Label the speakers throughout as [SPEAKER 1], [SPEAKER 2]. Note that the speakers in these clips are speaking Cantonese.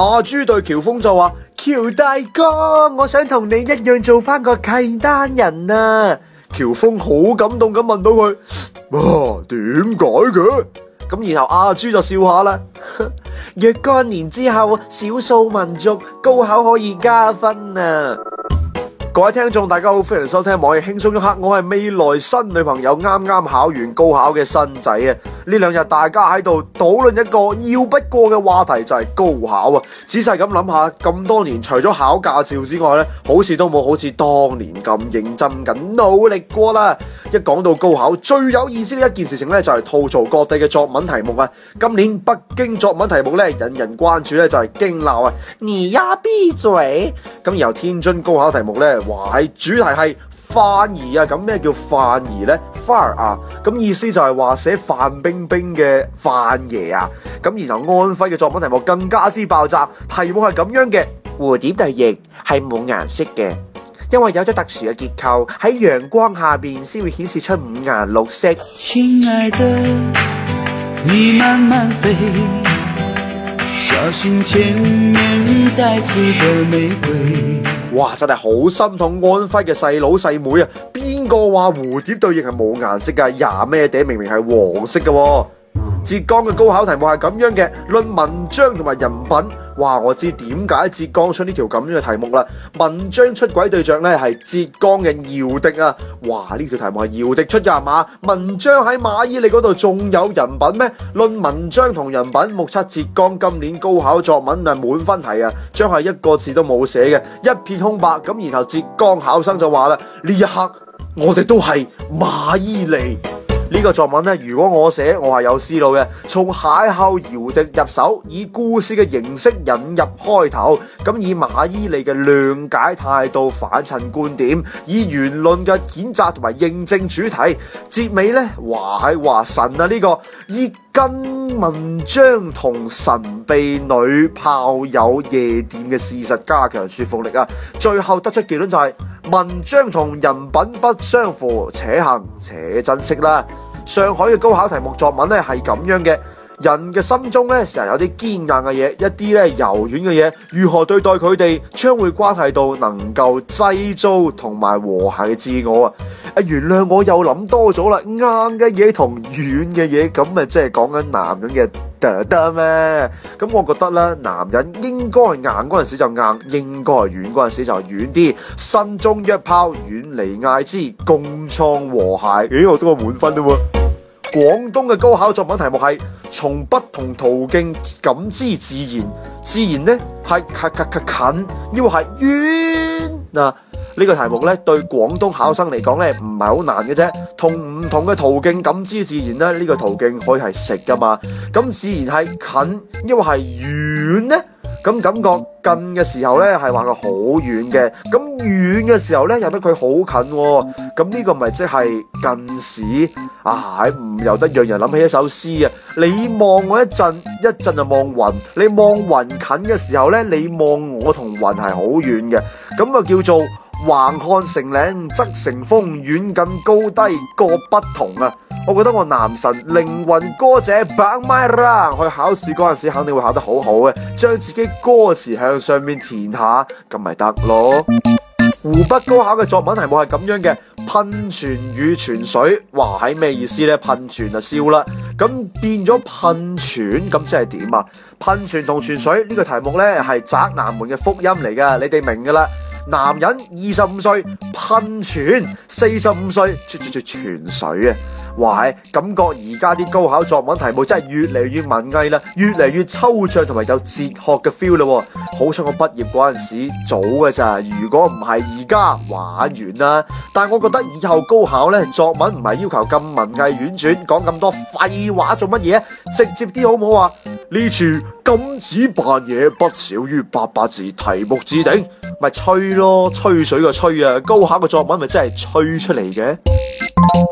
[SPEAKER 1] 阿朱對喬峰就話：喬大哥，我想同你一樣做翻個契丹人啊！喬峰好感動咁問到佢：哇，點解嘅？咁然後阿朱就笑下啦。若干年之後，少數民族高考可以加分啊！各位聽眾，大家好，歡迎收聽，網易輕鬆一刻，我係未來新女朋友啱啱考完高考嘅新仔。呢兩日，大家喺度，討論一個要不過嘅話題，就係高考。仔細咁諗下，咁多年除咗考駕照之外呢，好似都冇好似當年咁認真咁努力過啦。一講到高考，最有意思嘅一件事情呢，就係吐槽各地嘅作文題目。今年，北京作文題目呢，引人關注呢，就係驚鬧，你丫閉嘴。咁由天津高考題目呢，話係主題係範兒啊，咁咩叫範兒呢？範兒啊，咁意思就係話寫范冰冰嘅范爺啊。咁然後安徽嘅作文題目更加之爆炸，題目係咁樣嘅：蝴蝶嘅翼係冇顏色嘅，因為有咗特殊嘅結構喺陽光下邊先會顯示出五顏六色。「親愛的，你慢慢飛，小心前面帶刺的玫瑰。」哇！真係好心痛安徽嘅細佬細妹啊！邊個話蝴蝶對應係冇顏色噶？呀咩地明明係黃色嘅。浙江嘅高考題目係咁樣嘅，論文章同埋人品。哇！我知點解浙江出呢條咁樣嘅題目啦。文章出軌對象咧係浙江嘅姚笛啊！哇！呢條題目係姚笛出啊嘛？文章喺馬伊琍嗰度仲有人品咩？論文章同人品，目測浙江今年高考作文係、啊、滿分題啊！將係一個字都冇寫嘅一片空白咁，然後浙江考生就話啦：呢一刻我哋都係馬伊琍。呢個作文咧，如果我寫，我係有思路嘅。從邂逅姚笛入手，以故事嘅形式引入開頭。咁以馬伊琍嘅諒解態度反襯觀點，以言論嘅譴責同埋認證主題。結尾呢話喺話神啊，呢、這個以跟文章同神秘女炮友夜店嘅事實加強說服力啊。最後得出結論就係、是、文章同人品不相符，且行且珍惜啦。上海嘅高考題目作文咧，係咁樣嘅。人嘅心中咧，成日有啲堅硬嘅嘢，一啲咧柔軟嘅嘢，如何對待佢哋，將會關係到能夠製造同埋和諧嘅自我啊！啊，原諒我又諗多咗啦，硬嘅嘢同軟嘅嘢，咁咪即係講緊男人嘅得唔得咧？咁我覺得咧，男人應該硬嗰陣時就硬，應該係軟嗰陣時就軟啲，心中約炮遠離艾滋，共創和諧。咦，我都個滿分啫喎！廣東嘅高考作文題目係從不同途徑感知自然，自然呢係係係近，要係遠嗱。呢、啊呢個題目呢對廣東考生嚟講呢唔係好難嘅啫，同唔同嘅途徑感知自然呢，呢、呢個途徑可以係食噶嘛，咁自然係近，要係遠呢。咁感覺近嘅時候咧，係話佢好遠嘅；咁遠嘅時候咧，又得佢好近喎、哦。咁呢個咪即係近視啊？唉，唔由得讓人諗起一首詩啊！你望我一陣，一陣就望雲；你望雲近嘅時候咧，你望我同雲係好遠嘅。咁啊叫做。橫看成嶺側成峰，遠近高低各不同啊！我覺得我男神靈魂歌者百米啊，ara, 去考試嗰陣時肯定會考得好好，啊，嘅，將自己歌詞向上面填下，咁咪得咯。湖北高考嘅作文題目係咁樣嘅：噴泉與泉水，話係咩意思呢？「噴泉就燒啦，咁變咗噴泉，咁即係點啊？噴泉同泉水呢，呢個題目呢，係宅男們嘅福音嚟噶，你哋明噶啦。男人二十五歲噴泉，四十五歲啜啜啜泉水啊！哇，感覺而家啲高考作文題目真係越嚟越文藝啦，越嚟越抽象同埋有哲學嘅 feel 咯。好彩我畢業嗰陣時早嘅咋，如果唔係而家玩完啦。但我覺得以後高考呢，作文唔係要求咁文藝婉轉，講咁多廢話做乜嘢？直接啲好唔好啊？呢處禁止扮嘢，不少於八百字。題目自定咪吹。吹水個吹啊，高考嘅作文咪真係吹出嚟嘅。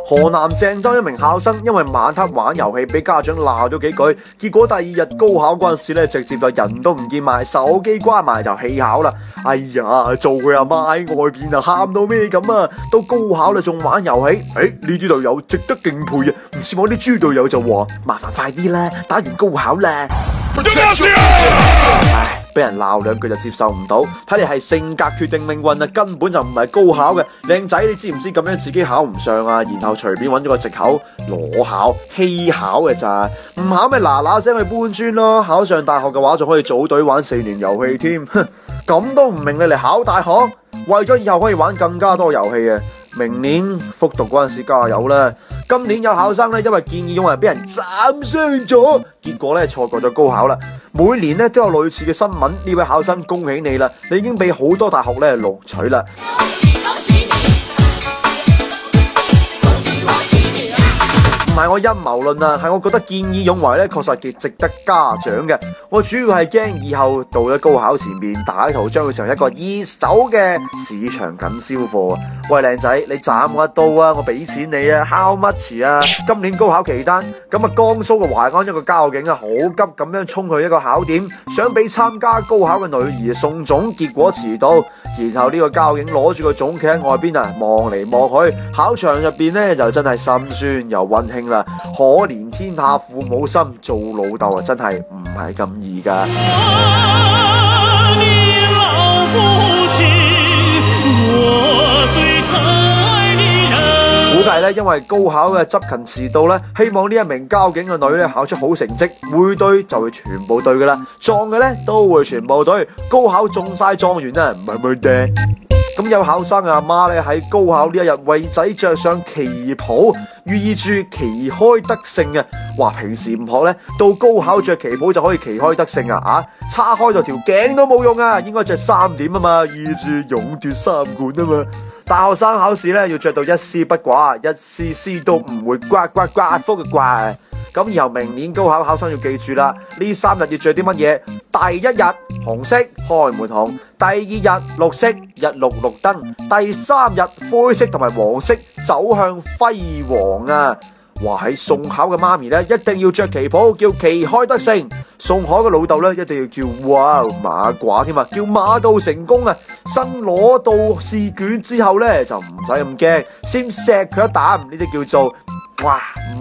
[SPEAKER 1] 河南鄭州一名考生因為晚黑玩遊戲，俾家長鬧咗幾句，結果第二日高考嗰陣時咧，直接就人都唔見埋，手機關埋就棄考啦。哎呀，做佢阿媽喺外邊啊，喊到咩咁啊？到高考啦，仲玩遊戲？誒、哎，呢啲隊友值得敬佩啊，唔似我啲豬隊友就話麻煩快啲啦，打完高考啦。唉，俾人鬧兩句就接受唔到，睇嚟係性格決定命運啊！根本就唔係高考嘅。靚仔，你知唔知咁樣自己考唔上啊？然後隨便揾咗個藉口，裸考棄考嘅咋？唔考咪嗱嗱聲去搬磚咯！考上大學嘅話，仲可以組隊玩四年遊戲添，哼，咁都唔明你嚟考大學，為咗以後可以玩更加多遊戲嘅。明年復讀嗰陣時加油啦！今年有考生咧，因為見義勇為俾人斬傷咗，結果咧錯過咗高考啦。每年咧都有類似嘅新聞，呢位考生恭喜你啦，你已經俾好多大學咧錄取啦。唔係我陰謀論啊，係我覺得見義勇為咧，確實極值得嘉獎嘅。我主要係驚以後到咗高考前面，歹徒將會成為一個二手嘅市場緊銷貨啊！喂，靚仔，你斬我一刀啊！我俾錢你啊！敲乜詞啊？今年高考期間咁啊，江蘇嘅淮安一個交警啊，好急咁樣衝去一個考點，想俾參加高考嘅女兒送總，結果遲到。然後呢個交警攞住個粽，企喺外邊啊，望嚟望去，考場入邊呢就真係心酸又溫馨啦。可憐天下父母心，做老豆啊真係唔係咁易噶。估計咧，因為高考嘅執勤遲到咧，希望呢一名交警嘅女咧考出好成績，會對就會全部對噶啦，撞嘅咧都會全部對，高考中晒狀元啊，唔係冇得。明明咁有考生阿媽咧喺高考呢一日為仔着上旗袍，寓意住旗開得勝啊！話平時唔學呢，到高考着旗袍就可以旗開得勝啊！吓，叉開咗條頸都冇用啊，應該着三點啊嘛，意住勇奪三冠啊嘛！大學生考試呢，要着到一絲不掛，一絲絲都唔會刮刮刮福嘅刮。咁以後明年高考考生要記住啦，呢三日要着啲乜嘢？第一日紅色開門紅，第二日綠色日綠綠燈，第三日灰色同埋黃色走向輝煌啊！話喺送考嘅媽咪呢，一定要着旗袍叫旗開得勝；送考嘅老豆呢，一定要叫哇馬褂添啊，叫馬到成功啊！新攞到試卷之後呢，就唔使咁驚，先錫佢一啖，呢啲叫做。哇，唔、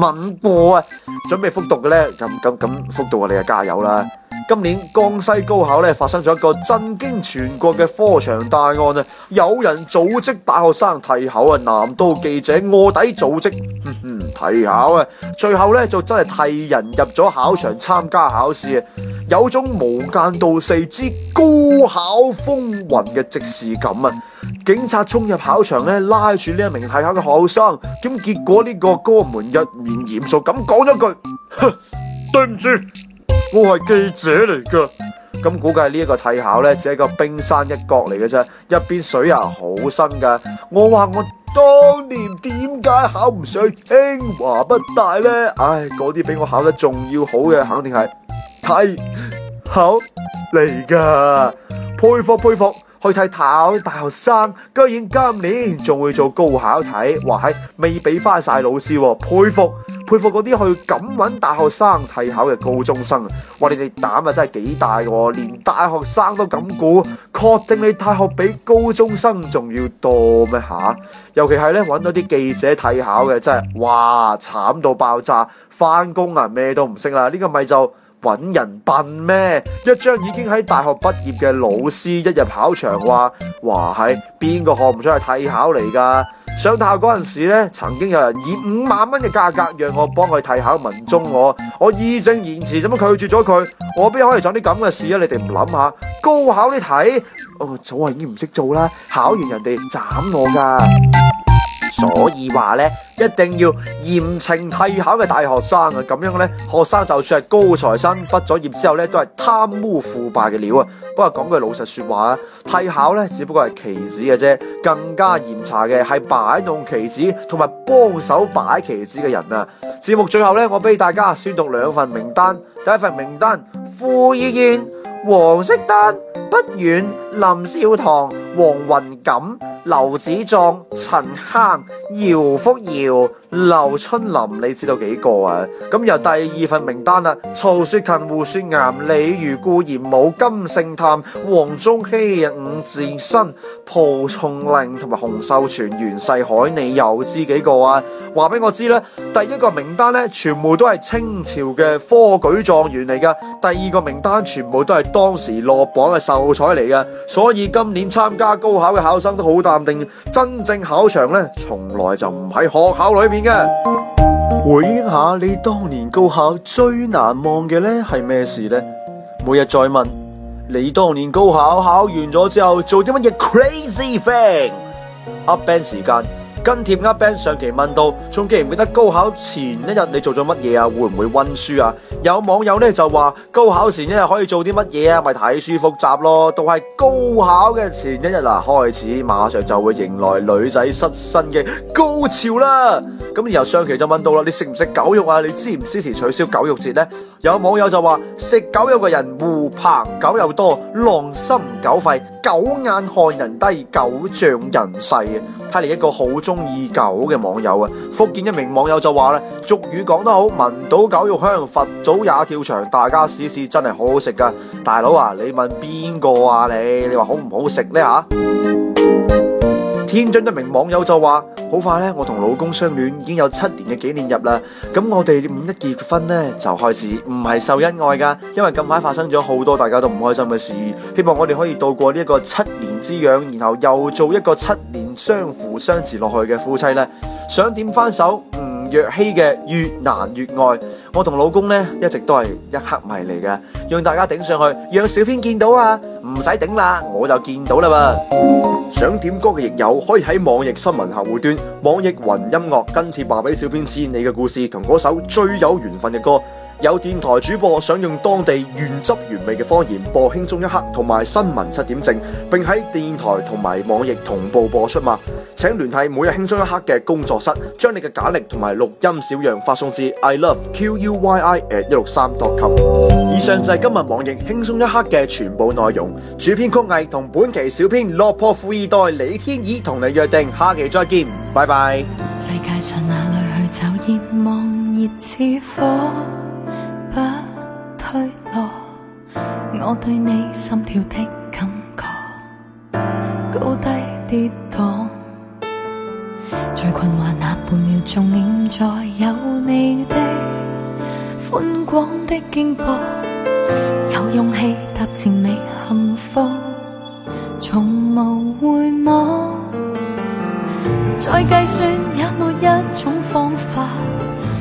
[SPEAKER 1] 嗯、敏過啊！準備復讀嘅呢，咁咁咁復讀我哋啊加油啦！今年江西高考呢，發生咗一個震驚全國嘅科場大案啊，有人組織大學生替考啊，南都記者卧底組織，哼哼，替考啊，最後呢，就真係替人入咗考場參加考試啊，有種無間道四之高考風雲嘅即視感啊！警察衝入考場咧，拉住呢一名替考嘅學生咁，結果呢個哥們一臉嚴肅咁講咗句，哼，對唔住，我係記者嚟噶。咁估計係呢一個替考咧，只係個冰山一角嚟嘅啫，一邊水啊好深噶。我話我當年點解考唔上清華北大咧？唉，嗰啲比我考得仲要好嘅，肯定係替考嚟噶，佩服佩服。去替考大學生，居然今年仲會做高考題，哇！係未俾翻晒老師喎，佩服佩服！嗰啲去咁揾大學生替考嘅高中生啊，哇！你哋膽啊真係幾大㗎喎，連大學生都咁估，確定你大學比高中生仲要多咩嚇、啊？尤其係咧揾到啲記者替考嘅，真係哇！慘到爆炸，翻工啊咩都唔識啦，呢、這個咪就～揾人笨咩？一張已經喺大學畢業嘅老師，一入考場話話喺邊個看唔出去替考嚟噶？上大學嗰陣時呢，曾經有人以五萬蚊嘅價格讓我幫佢替考文綜，我我義正言辭咁樣拒絕咗佢。我邊可以做啲咁嘅事啊？你哋唔諗下高考啲題？哦，早我已經唔識做啦，考完人哋斬我噶。所以話咧，一定要嚴懲替考嘅大學生啊！咁樣咧，學生就算係高材生，畢咗業之後咧，都係貪污腐敗嘅料啊！不過講句老實說話啊，替考咧只不過係棋子嘅啫，更加嚴查嘅係擺弄棋子同埋幫手擺棋子嘅人啊！節目最後咧，我俾大家宣讀兩份名單，第一份名單：傅以燕、黃色丹。不遠林紹唐、王雲錦、劉子壯、陳坑、姚福堯、劉春林，你知道幾個啊？咁由第二份名單啦，曹雪芹、胡雪岩、李漁、顧炎武、金聖嘆、黃宗羲、伍自新、蒲松齡同埋洪秀全、袁世凱，你又知幾個啊？話俾我知啦，第一個名單咧，全部都係清朝嘅科舉狀元嚟噶；第二個名單全部都係當時落榜嘅秀彩嚟嘅，所以今年參加高考嘅考生都好淡定。真正考場咧，從來就唔喺學校裏面嘅。回憶下你當年高考最難忘嘅咧係咩事咧？每日再問你當年高考考完咗之後做啲乜嘢 crazy thing？Up、啊、band 時間。跟帖阿 Ben 上期問到，仲記唔記得高考前一日你做咗乜嘢啊？會唔會溫書啊？有網友咧就話，高考前一日可以做啲乜嘢啊？咪睇書複習咯。都係高考嘅前一日啦，開始馬上就會迎來女仔失身嘅高潮啦。咁然後上期就問到啦，你食唔食狗肉啊？你支唔支持取消狗肉節咧？有網友就話，食狗肉嘅人狐朋狗友多，狼心狗肺，狗眼看人低，狗仗人勢啊！睇嚟一個好中意狗嘅網友啊！福建一名網友就話咧：俗語講得好，聞到狗肉香，佛祖也跳牆。大家試試真係好好食噶，大佬啊！你問邊個啊？你你話好唔好食呢？嚇、啊？天津一名網友就話：好快呢，我同老公相戀已經有七年嘅紀念日啦。咁我哋五一結婚呢，就開始唔係秀恩愛噶，因為近排發生咗好多大家都唔開心嘅事。希望我哋可以度過呢一個七年之癢，然後又做一個七年。相扶相持落去嘅夫妻呢，想點翻首吳若希嘅《越難越愛》？我同老公呢一直都係一黑迷嚟嘅，讓大家頂上去，讓小編見到啊！唔使頂啦，我就見到啦噃。想點歌嘅亦有，可以喺網易新聞客戶端、網易雲音樂跟帖話俾小編知你嘅故事同嗰首最有緣分嘅歌。。有電台主播想用當地原汁原味嘅方言播《輕鬆一刻》同埋《新聞七點正》，並喺電台同埋網易同步播出嘛？請聯繫每日《輕鬆一刻》嘅工作室，將你嘅簡歷同埋錄音小樣發送至 i love q u y i at 一六三 dot com。以上就係今日網易《輕鬆一刻》嘅全部內容。主編曲藝同本期小編落魄富二代李天儀同你約定，下期再見，拜拜。
[SPEAKER 2] 世界上哪裏去找熱望熱似火不退落，我對你心跳的感覺，高低跌宕，最困惑那半秒鐘，念在有你的寬廣的肩膊，有勇氣踏前覓幸福，從無回望， 再計算也沒有一種方法。